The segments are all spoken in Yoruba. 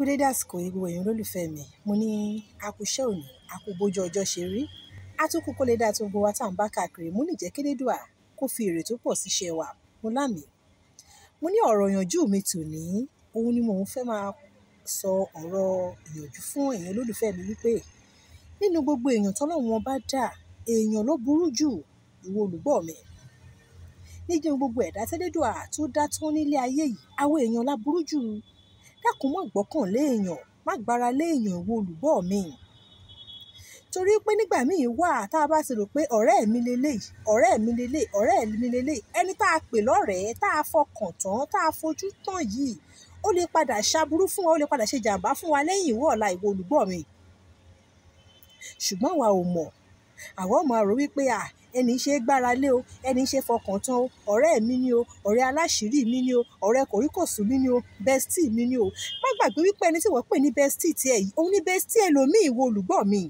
kú dédé àsìkò yìí gbogbo èèyàn olólùfẹ́ mi mo ní akuṣẹ́ òní akú bójú ọjọ́ ṣe rí atukun kó lè dáa tó gbogbo wa tá à ń bá káàkiri mo ní ìjẹ́ kérédùà kó fi èrè tó pọ̀ síṣẹ́ wa mo lámì mo ní ọ̀rọ̀ ìyànjú mi tòní òun ni mò ń fẹ́ máa sọ ọ̀rọ̀ ìyànjú fún èèyàn olólùfẹ́ mi wípé nínú gbogbo èèyàn tọ́lọ́run ọba dà èèyàn ló burú jù ìwọ olùgbọ́ mi nínú gbogbo ẹ̀dá tẹ́lẹ́dùà tó dá tán nílé ayé yìí àwọn èèyàn la burú jù dákun má gbọ́kàn lé èèyàn má gbára lé èèyàn ìwọ olùgbọ́ mi torí pé nígbà míì wà tá a bá ti rò pé ọ̀rẹ́ mi leléyìí ọ̀rẹ́ mi leléyìí ọ̀rẹ́ mi leléyìí ẹni tá a pè lọ́rẹ̀ẹ́ tá a fọkàn tán tá a fojú tán yìí ó lè padà ṣaburú fún wa ó lè padà ṣe jàǹbá fún wa lẹ́yìn ìwọ ọ̀la ìwọ olùgbọ́ mi ṣùgbọ́n wa ò mọ̀ àwọn máa rò wípé à ẹni ṣe é gbára lé o ẹni ṣe fọkàn tán o ọ̀rẹ́ mi ni o ọ̀rẹ́ aláṣírí mi ni o ọ̀rẹ́ kòríkòsùn mi ni o bestie mi ni o má gbàgbé wípé ẹni tí wọ́n pè ní bestie tiẹ̀ yìí òun ni bestie ẹlòmíì wo olùgbọ́ mi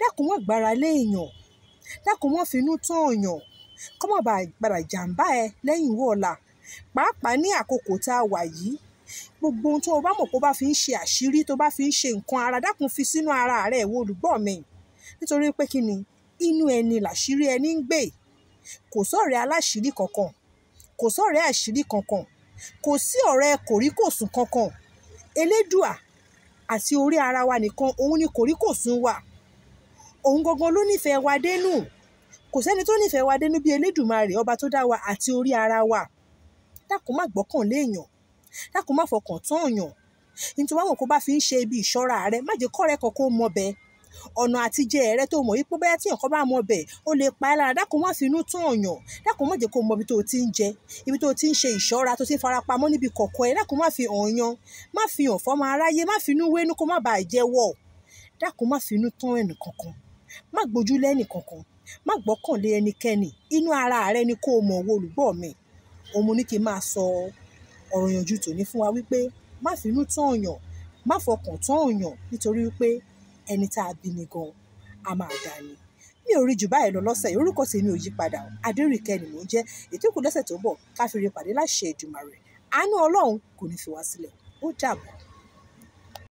dákun wọ́n gbára lé èèyàn dákun wọ́n finú tán èèyàn kọ́mọ̀ bàbà jàǹbá ẹ lẹ́yìn ìwọ ọ̀la pàápàá ní àkókò tá a wà yìí gbogbo ohun tó o bá mọ̀ pé o bá fi ń ṣe àṣírí tó o bá fi ń ṣe nǹkan ara dákun fi sínú ara rẹ̀ wo olùgbọ́ mi nítorí pé kí ni inú ẹni làṣírí ẹni ń gbé kò sọ̀rẹ́ aláṣírí kankan kò sọ̀rẹ́ àṣírí kankan kò sí ọ̀rẹ́ kòríkòsùn kankan elédùà àti orí ara wa nìkan òun ni kòríkòsùn wà òun gangan ló nífẹ̀ẹ́ wa dénú kò sẹ́ni tó nífẹ̀ẹ́ wa dénú bíi elédùmarè ọba tó dá wa àti orí ara wa dákun má gbọ́kàn léèyàn dákun má fọkàn tán èèyàn nítorí wọn kò bá fi ń ṣe ibi ìṣọ́ra rẹ má jẹ́ kọ́rẹ́ kankan mọ́ ọ̀nà àtijẹ rẹ tó mọ̀ wípé bóyá tí nǹkan bá mọ bẹ̀ ó lè pa ẹ́ lára dákun má finú tán ọ̀yàn dákun má jẹ́ kó mọ ibi tó ti ń jẹ ibi tó ti ń ṣe ìṣọ́ra tó ti farapamọ́ níbi kọ̀kọ́ ẹ dákun má fi ọ̀yàn má fi hàn fọ́mọ aráyé má finú wénú kó má bàa jẹ́wọ́ dákun má finú tán ẹnì kankan má gbójú lẹ́nì kankan má gbọ́kànlé ẹnikẹ́ni inú ara rẹ ni kó o owó olùgbọ́ mi òun mo ní kí máa sọ ọ̀rọ̀ yànjú tòní fún wa wípé má finú tán ọ̀yàn má fọkàn tán ọ̀yàn nítorí wípé ẹni tá a bí ni gan a máa dà ní. mi ò rí jù báyìí lọ lọ́sẹ̀ yìí orúkọ tèmi ò yí padà o adérìkẹ́ ni mò ń jẹ́ ètò ìkù tó bọ̀ káfíńrì pàdé láṣẹ Èdùmàrè àánú ọlọ́run kò ní fi wá sílẹ̀ ó dàbọ̀.